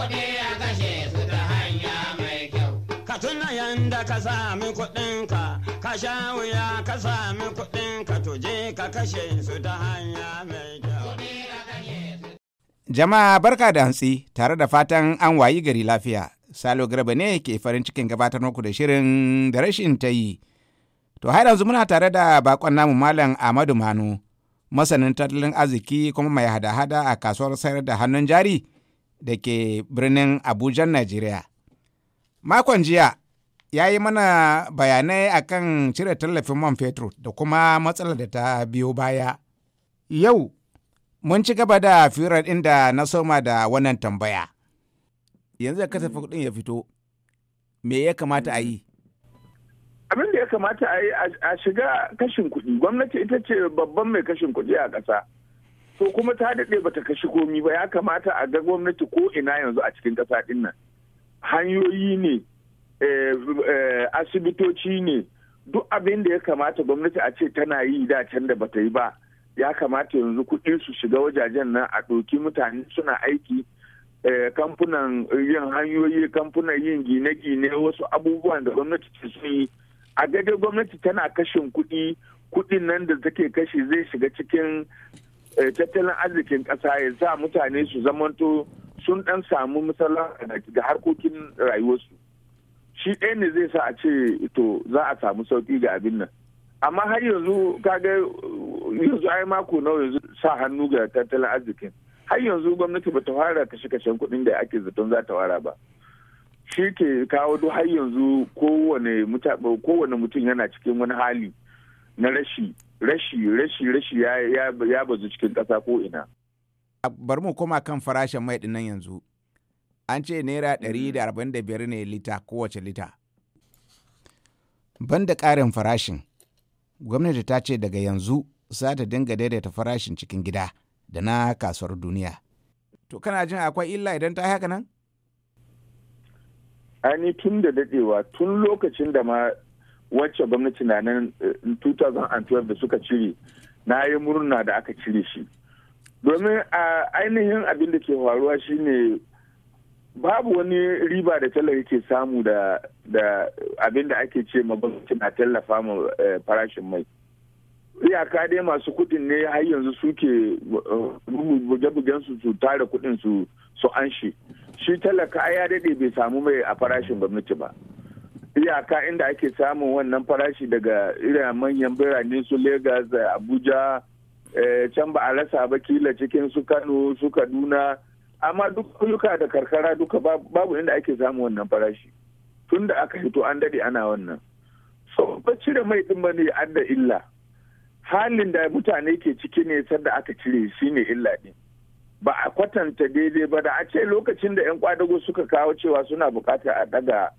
kuɗi kashe su ta hanya mai kyau. Ka tuna yanda ka sami kuɗinka, ka sha wuya ka sami kuɗinka tuje ka kashe su ta hanya mai kyau. Jama'a barka da hantsi tare da fatan an wayi gari lafiya. Salo Garba ne ke farin cikin gabatar muku da shirin da rashin ta yi. To har yanzu muna tare da bakon namu Malam Ahmadu Manu, masanin tattalin arziki kuma mai hada-hada a kasuwar sayar da hannun jari da ke birnin Abuja, Najeriya. Makon jiya ya yi mana bayanai akan cire tallafin man fetur da kuma matsalar da ta biyo baya. Yau, mun ci gaba da firar inda na soma da wannan tambaya. Yanzu da kasafin kudin ya fito, me ya kamata a yi? Abin da ya kamata a yi a shiga kashin kuɗi, gwamnati ita ce babban mai kashin kuɗi a ƙasa. to kuma ta daɗe ta kashi komi ba ya kamata a ga gwamnati ko ina yanzu a cikin ƙasa ɗin nan hanyoyi ne eh, eh, asibitoci ne duk abin da ya kamata gwamnati a ce tana yi da can da bata yi ba ya kamata yanzu kuɗi su shiga wajajen nan a ɗauki mutane suna aiki eh, kamfunan yin hanyoyi kamfunan yin gine-gine wasu abubuwan da gwamnati ce sun yi a gadar gwamnati tana kashin kuɗi kuɗin nan da take kashi zai shiga cikin Eh, tattalin arzikin ƙasa ya sa mutane su zamanto sun ɗan samu matsala ga harkokin rayuwarsu shi ɗaya ne zai sa a ce to za a samu sauƙi ga abin nan amma har yanzu kaga yanzu ai mako nawa yanzu sa hannu ga tattalin arzikin har yanzu gwamnati bata fara kashe kashen kuɗin da ake zaton za ta fara ba shi ke kawo duk har yanzu kowane mutum yana cikin wani hali na rashi rashi rashi rashi ya bazu cikin ƙasa ko ina bari mu koma kan farashin mai dinnan yanzu an ce naira mm. ɗari da da arba'in biyar ne lita kowace lita banda ƙarin farashin gwamnati ta ce daga yanzu za ta dinga daidaita farashin cikin gida da na kasuwar duniya to kana jin akwai illa idan ta haka nan ani tun da dadewa tun lokacin da ma wacce gwamnati na nan 2012 eh, da suka cire na yi murna da aka cire shi domin a ainihin abin da ke faruwa shine babu wani riba da talar ke samu da abin da ake ce ma gwamnati na tallafa mu eh, farashin mai iyaka dai masu kudin ne har yanzu suke eh, buge-bugen su su tara kudin su su an shi shi talaka ya daɗe bai samu mai a farashin gwamnati ba iyaka inda ake samun wannan farashi daga irin manyan birane su Legas, eh, Abuja, eh, can ba a rasa ba kila cikin su Kano, su Kaduna, amma duk kuyuka da karkara duka babu inda ake samun wannan farashi. Tun da aka hito an dade ana wannan. So, ba cire mai ɗin ba adda illa. Halin da mutane ke ciki ne sanda aka cire shine ne illa ɗin. Ba a kwatanta daidai ba da a ce lokacin da 'yan kwadago suka kawo cewa suna bukatar a daga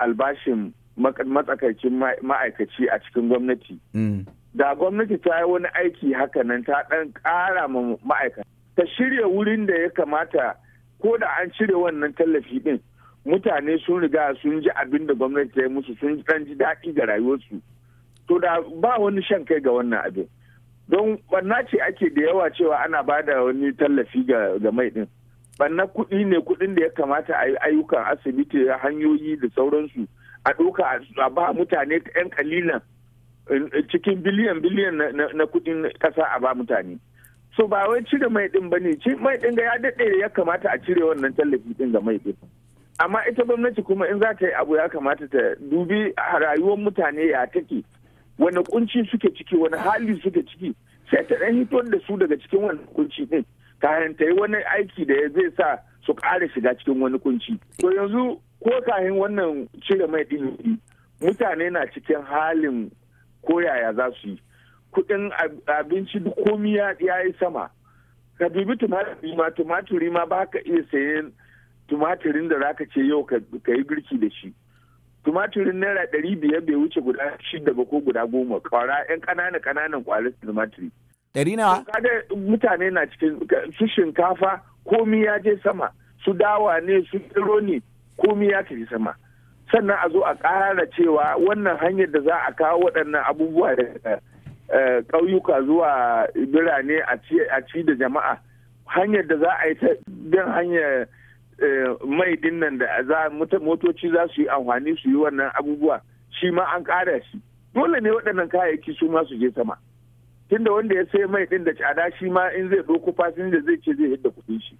albashin matsakaicin ma'aikaci a cikin gwamnati. Mm. Da gwamnati ta yi wani aiki haka nan ta ɗan ƙara ma ma'aikata. Ta shirya wurin da ya kamata ko da an cire wannan tallafi ɗin mutane sun riga sun ji abin da gwamnati ta yi musu sun ɗan ji daɗi ga rayuwarsu. To da ba wani shan kai ga wannan abin. Don ɓanna ce ake da yawa cewa ana ba da wani tallafi ga mai ɗin. banna kuɗi ne kuɗin da ya kamata a yi ayyukan asibiti hanyoyi da sauransu a ɗauka a ba mutane 'yan kalilan cikin biliyan biliyan na kuɗin ƙasa a ba mutane so ba wai cire mai ɗin ba ne mai ɗin ga ya daɗe ya kamata a cire wannan tallafi ɗin ga mai ɗin amma ita gwamnati kuma in za ta yi abu ya kamata ta dubi rayuwar mutane ya take wani kunci suke ciki wani hali suke ciki sai ta ɗan hito da su daga cikin wani kunci ɗin kayan ta yi wani aiki da ya zai sa su ƙara shiga cikin wani kunci to yanzu ko kayan wannan cire mai ɗin mutane na cikin halin koyaya za su yi kuɗin abinci duk komi ya yi sama ka bibi tumaturi ma tumaturi ma ba ka iya sayen tumaturin da zaka ce yau ka yi girki da shi tumaturin naira ɗari biyar bai wuce guda shida ba ko guda goma kwara yan ƙananan ƙananan ƙwarar tumaturi ɗari nawa mutane na cikin su shinkafa komi ya je sama su dawa ne su tsiro ne komi ya tafi sama sannan a zo a ƙara cewa wannan hanyar da za a kawo waɗannan abubuwa da eh, ƙauyuka zuwa birane a ci da jama'a hanyar da za a yi ta bin hanyar eh, mai dinnan da za motoci za su yi amfani su yi wannan abubuwa shi ma an kara shi dole ne waɗannan kayayyaki su ma su je sama tunda wanda ya sai mai din da tsada shi ma in zai fasin fasinja zai ce zai yadda kudin shi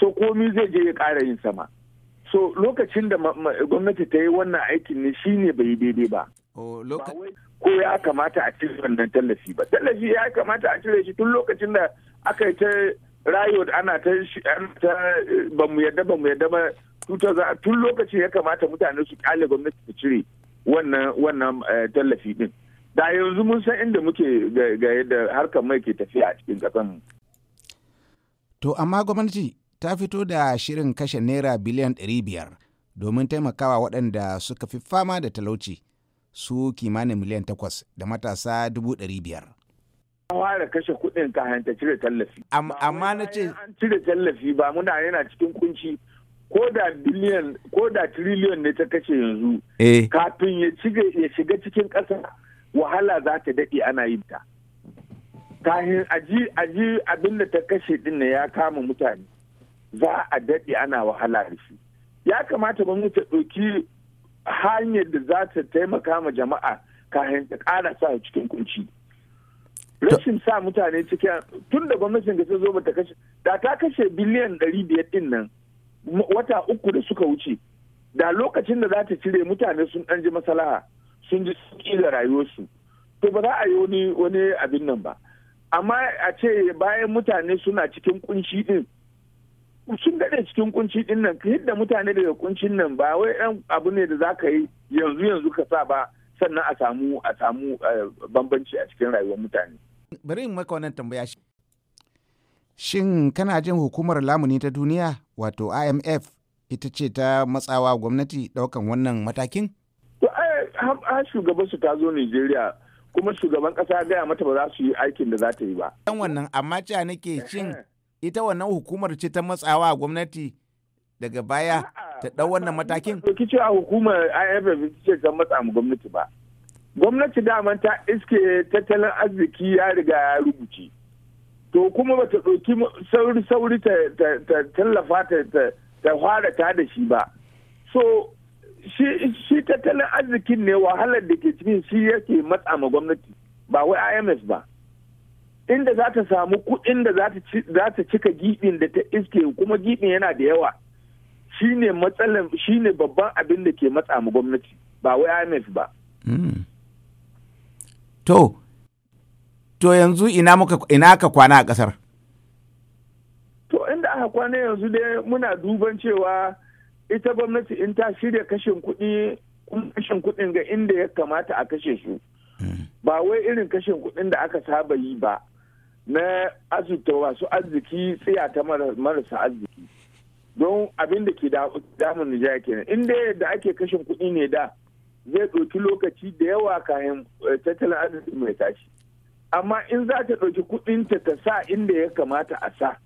so komi zai je ya ƙara yin sama so lokacin da gwamnati ta yi wannan aikin ne shi ne bai daidai ba ko ya kamata a cire wannan tallafi ba tallafi ya kamata a cire shi tun lokacin da aka yi ta rayo ana ta eh, ba mu yadda ba mu yadda ba tun lokacin ya kamata mutane su kyale gwamnati ta cire wannan eh, tallafi din da yanzu mun san inda muke ga yadda harkar mai ke tafiya a cikin kasan to amma gwamnati ta fito da shirin kashe naira biliyan 500 domin taimakawa waɗanda suka fi fama da talauci su kimanin miliyan 8 da matasa 500 an ware kashe kuɗin kayan ta cire tallafi. Amma na ce. An cire tallafi ba muna yana cikin kunci ko da biliyan ko da triliyon ne ta kashe yanzu. Eh. Kafin ya shiga cikin ƙasa wahala za ta daɗe ana yin ta kahin aji aji abin da ta kashe din ya kama mutane za a daɗe ana wahala da shi ya kamata mu ta ɗauki hanyar da za ta taimaka ma jama'a kahin ta ƙara sa cikin kunci rashin sa mutane cikin tun da gwamnatin da ta zo ta kashe da ta kashe biliyan ɗari biyar din nan wata uku da suka wuce da lokacin da za ta cire mutane sun ɗan ji masalaha sun ji sauki da rayuwarsu to ba za a yi wani abin nan ba amma a ce bayan mutane suna cikin kunshi din sun daɗe cikin kunci din nan yadda mutane daga kuncin nan ba wai dan abu ne da za ka yi yanzu yanzu ka sa ba sannan a samu a samu eh, bambanci a cikin rayuwar mutane. Bari in maka wannan tambaya shi. Shin kana jin hukumar lamuni ta duniya wato IMF ita ce ta matsawa gwamnati ɗaukan wannan matakin? har shugaban su ta zo Najeriya kuma shugaban kasa gaya mata ba za su yi aikin da za ta yi ba. Dan wannan amma cewa nake cin ita wannan hukumar ce ta matsawa gwamnati daga baya ta dau wannan matakin? Ki ce a hukumar IFF ce ta matsa mu gwamnati ba. Gwamnati da ta iske tattalin arziki ya riga ya rubuce. To kuma ba ta ɗauki sauri-sauri ta tallafa ta fara ta da shi ba. So shi tattalin arzikin ne wahalar da ke cikin shi yake matsa ma gwamnati ba wai IMF ba inda za ta samu kuɗin da za ta cika giɓin da ta iske kuma giɓin yana da yawa shine matsalan shine babban abin da ke matsa ma gwamnati ba wai IMF ba hmm. to to yanzu ina muka ina ka kwana a kasar to inda aka kwana yanzu dai muna duban cewa ita gwamnati in ta shirya kashin kuɗi kashin kuɗin ga inda ya kamata a kashe su ba wai irin kashin kuɗin da aka saba yi ba na azuta wasu arziki tsiya ta marasa arziki don abin da ke damun Nijar kenan inda yadda ake kashin kuɗi ne da zai ɗauki lokaci da yawa kayan eh, tattalin arziki mai tashi amma in za ta ɗauki kuɗinta ta sa inda ya kamata a sa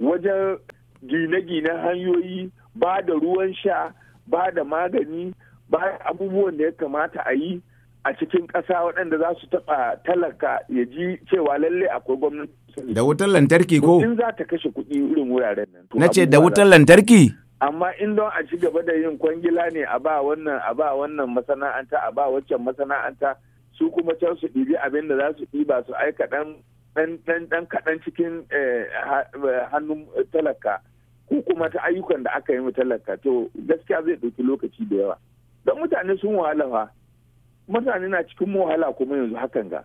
wajen gine-ginen hanyoyi ba da ruwan sha ba da magani ba abubuwan da ya kamata a yi a cikin ƙasa waɗanda za su taɓa talaka ya ji cewa lalle akwai gwamnati. Da wutar lantarki ko? In za ta kashe kuɗi irin wuraren nan. Na ce da wutar lantarki? Amma in don a ci gaba da yin kwangila ne a ba wannan a ba wannan masana'anta a ba wancan masana'anta su kuma can su ɗibi abin da za su ɗiba su aika ɗan kaɗan cikin eh, eh, hannun talaka. ko kuma ta ayyukan da aka yi mu talaka to gaskiya zai ɗauki lokaci da yawa don mutane sun wahala fa mutane na cikin wahala kuma yanzu hakan ga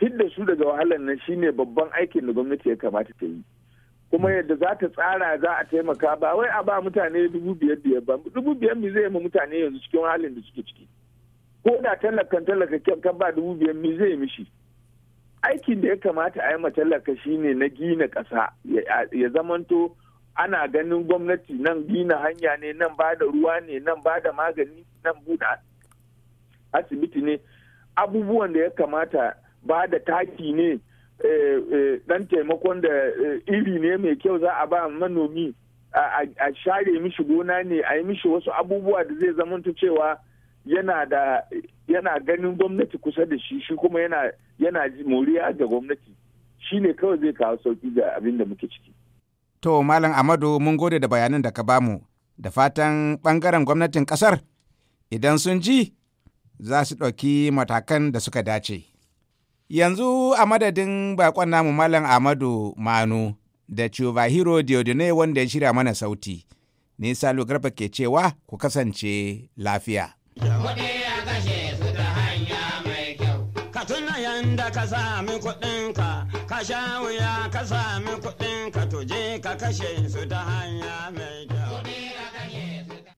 hidda su daga wahalar nan shine babban aikin da gwamnati ya kamata ta yi kuma yadda za ta tsara za a taimaka ba wai a ba mutane dubu biyar da ba dubu biyar mi zai ma mutane yanzu cikin halin da suke ciki ko da talakan talaka kan ba dubu biyar mi zai mishi aikin da ya kamata a yi ma talaka shine na gina ƙasa ya zamanto ana ganin gwamnati nan gina hanya ne nan ba da ruwa ne nan ba da magani nan buɗa asibiti ne abubuwan da ya kamata ba da taki ne dan eh, eh, taimakon da eh, iri ne mai kyau za a ba manomi a share mishi gona ne a yi mishi wasu abubuwa da zai zamanta cewa yana ganin gwamnati kusa da shi shi kuma yana yana moriya da gwamnati shi ne kawai zai kawo sauki ga abin da muke ciki To Malam Amadu mun gode da bayanin da ka bamu da fatan ɓangaren gwamnatin ƙasar idan sun ji za su ɗauki matakan da suka dace. Yanzu a madadin bakon namu Malam Amadu Manu da Chubahiro Diodune wanda ya shirya mana sauti. Ni Salu Garba ke cewa ku kasance lafiya. Ka tuna yanda ka sami kuɗinka, ka sha wuya ka sami kuɗin je ka kashe su ta hanya mai